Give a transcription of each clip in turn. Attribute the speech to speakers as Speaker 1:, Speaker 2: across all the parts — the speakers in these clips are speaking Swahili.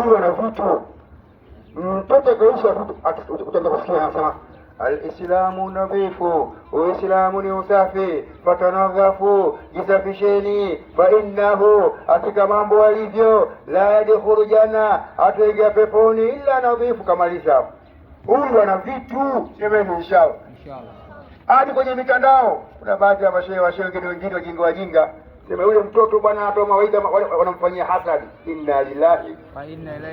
Speaker 1: kushauriwa ana vitu mpaka mm, kaisha utaenda kusikia anasema Alislamu nadhifu, Uislamu ni usafi. Fatanadhafu, jisafisheni. Fainnahu, hakika mambo alivyo. La yadkhulu janna, hatuingia peponi ila nadhifu. Kamaliza huyu ana vitu semeni, inshallah hadi kwenye mitandao kuna baadhi ya mashehe, washehe wengine wengine wajinga wajinga sema yule mtoto bwana anatoa mawaidha wanamfanyia hasadi. Inna lillahi,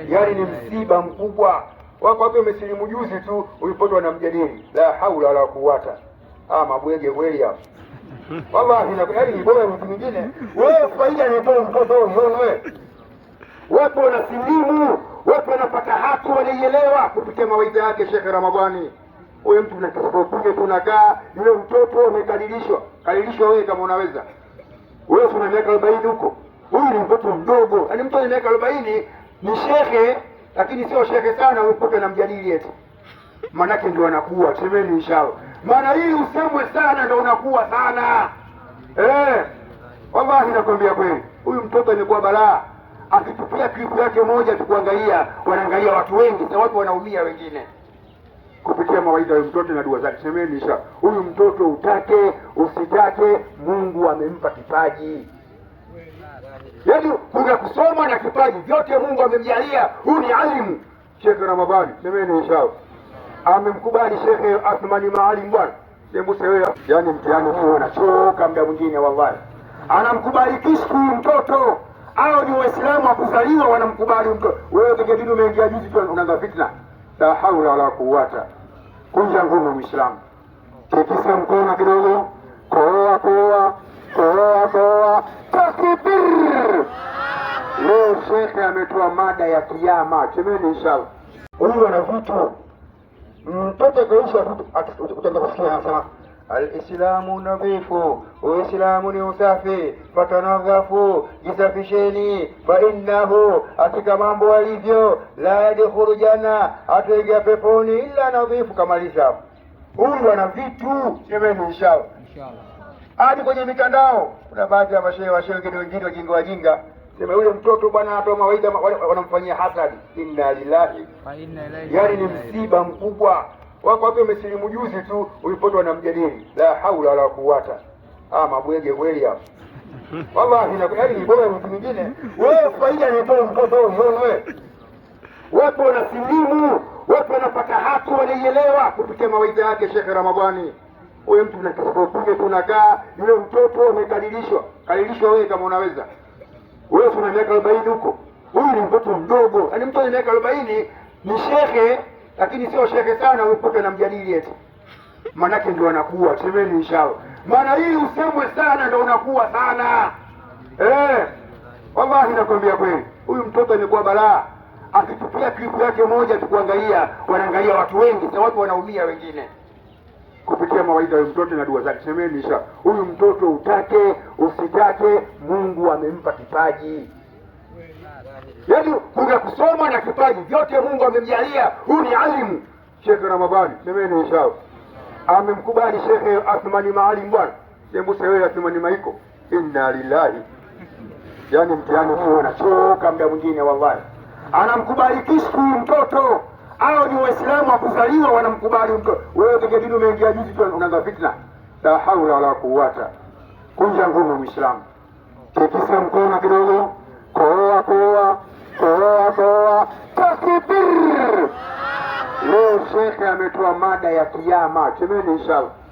Speaker 1: yani ni msiba mkubwa. Wako wapi? Umesilimu juzi tu ulipotwa na mjadili, la haula wala kuwata Ah, mabwege kweli hapo, wallahi. na kweli yaani ni bora mtu mwingine. Wewe faida ni bora mtoto wewe. Watu wanasilimu, wapo wanapata haki, wanaielewa kupitia mawaidha yake Shekhe Ramadhani. Wewe mtu nakisipokuja tunakaa, yule mtoto amekadilishwa, kadilishwa wewe kama unaweza wewe una miaka arobaini huko, huyu ni mtoto mdogo. Yaani mtu ana miaka arobaini ni shekhe, lakini sio shekhe sana, upoke na mjadili eti maanake ndio anakuwa semeni inshallah. Maana hii usemwe sana ndio unakuwa sana eh. Wallahi nakwambia kweli, huyu mtoto amekuwa balaa. Akitupia klipu yake moja tukuangalia, wanaangalia watu wengi na watu wanaumia wengine kupitia mawaidha ya mtoto na dua zake. Semeni Isha, huyu mtoto utake usitake, Mungu amempa kipaji. Yaani kuna kusoma na kipaji vyote Mungu amemjalia. Huyu ni alimu. Shekhe Ramadhani, semeni Isha, Amemkubali Shekhe Athmani Maalim bwana. Wewe yani mtihani sio nachoka muda mwingine wallahi. Anamkubali huyu mtoto. au ni Waislamu wa kuzaliwa wanamkubali mtoto. Wewe umeingia juzi tu unaanza fitna la haula wala kuwata. Kunja ngumi Muislamu, tikisa mkono kidogo, koa koa koa koa, takbir! Leo shekhe ametoa mada ya kiyama, chemeni inshallah. Huyu ana vitu mtoto kaisha, utaenda kusikia anasema Alislamu nadhifu, Uislamu ni usafi. Fatanadhafu, jisafisheni. Fa innahu, hakika mambo alivyo. La yadkhulu janna, hatuingia peponi ila nadhifu, kama lisafu. Huyu ana vitu semeni, inshallah hadi kwenye mitandao kuna baadhi ya mashehe wa wengine wengine wajinga wajinga, sema yule mtoto bwana atoa mawaidha wanamfanyia hasadi. Inna lillahi, yani ni msiba mkubwa wako wapi? Umesilimu juzi tu ulipotwa na mjadili, la haula wala kuwata. Ah, mabwege kweli hapo, wallahi. Yaani ni bora mtu mwingine. Wewe faida ni bora mtoto wewe. Wapo na wanasilimu, wapo wanapata haki, wanaielewa kupitia mawaidha yake Sheikh Ramadhani. Huyo mtu na nakisikukuja tunakaa, yule mtoto amekadilishwa kadilishwa. Wewe kama unaweza wewe, una miaka arobaini huko, huyu ni mtoto mdogo, yaani mtu ana miaka arobaini ni shekhe lakini sio shehe sana upote na mjadili eti maanake ndio anakuwa semeni inshallah. Maana hii usemwe sana ndio unakuwa sana eh, wallahi nakwambia kweli, huyu mtoto amekuwa balaa. Akitupia klipu yake moja tukuangalia, wanaangalia watu wengi, sa watu wanaumia wengine kupitia mawaidha huyu mtoto na dua zake. Semeni inshallah, huyu mtoto utake usitake, Mungu amempa kipaji yaani kuna kusoma na kipaji vyote Mungu amemjalia. Huyu ni alimu. Shekhe Ramadhani, semeni inshallah, amemkubali Shekhe Athmani Maalim. Bwana sembuse wewe Athmani Maiko, inna lillahi. Yaani mtihani huo unachoka muda mwingine, wallahi anamkubali kisku mtoto au ni Waislamu wakuzaliwa wanamkubali mtoto. Wewe dini umeingia juzi tu unaanza fitna, la haula wala quwata, Kunja ngumu Muislamu, tekisa mkono kidogo koa koa koa koa takbir. Leo shekhe ametoa mada ya kiama, semeni inshallah.